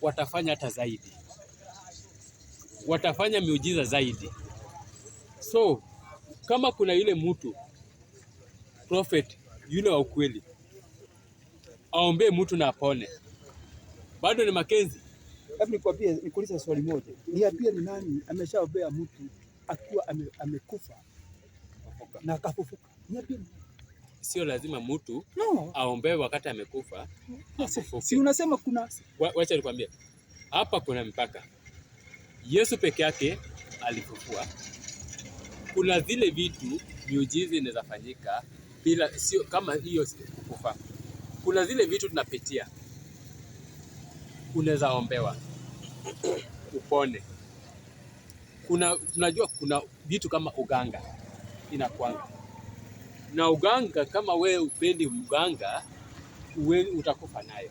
Watafanya hata zaidi, watafanya miujiza zaidi. So kama kuna yule mtu prophet yule wa ukweli aombee mtu na apone, bado ni Makenzi. Hebu nikwambie, nikuulize swali moja, niambie, ni nani ameshaombea mtu akiwa amekufa na akafufuka? Niambie sio lazima mtu no. aombewe wakati amekufa. Si unasema kuna, wacha nikwambie hapa kuna mpaka. Yesu peke yake alifufua. Kuna zile vitu miujiza inaweza fanyika bila, sio kama hiyo kukufa. Kuna zile vitu tunapitia, unaweza ombewa upone. Kuna tunajua kuna vitu kama uganga inakwanga na uganga kama we upendi mganga we utakufa nayo.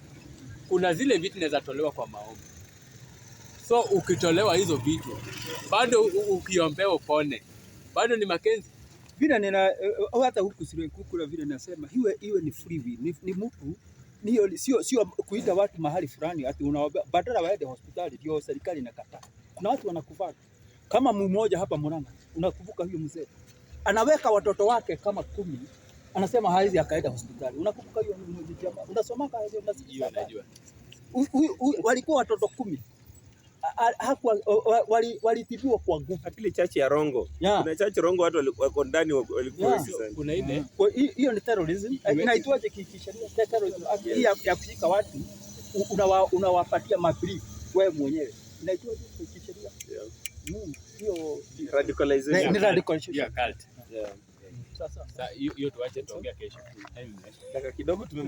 Kuna zile vitu naweza tolewa kwa maombi, so ukitolewa hizo vitu bado ukiombewa upone bado ni Makenzi vile nina uh, hata huku sile kukula vile nasema hiwe iwe ni free will ni, ni mtu niyo sio sio kuita watu mahali fulani ati una badala waende hospitali ndio serikali inakataa. Kuna watu wanakufata kama mmoja hapa Murang'a, unakuvuka huyo mzee anaweka watoto wake kama kumi, anasema hawezi akaenda hospitali. Unakumbuka hiyo? Unasomaka hiyo, unasikia? Walikuwa watoto kumi walitibiwa kwa nguvu. Ile chachi ya Rongo, kuna chachi Rongo, watu wako ndani, walikuwa Sasa kuna ile. Mm. Hiyo ni terrorism, inaitwaje kisheria? Terrorism ya ya kushika watu unawa, unawapatia mabrief wewe mwenyewe, inaitwaje kisheria? Mm, hiyo radicalization, ni radicalization ya cult hiyo tuache tuongea kesho. Dakika kidogo tume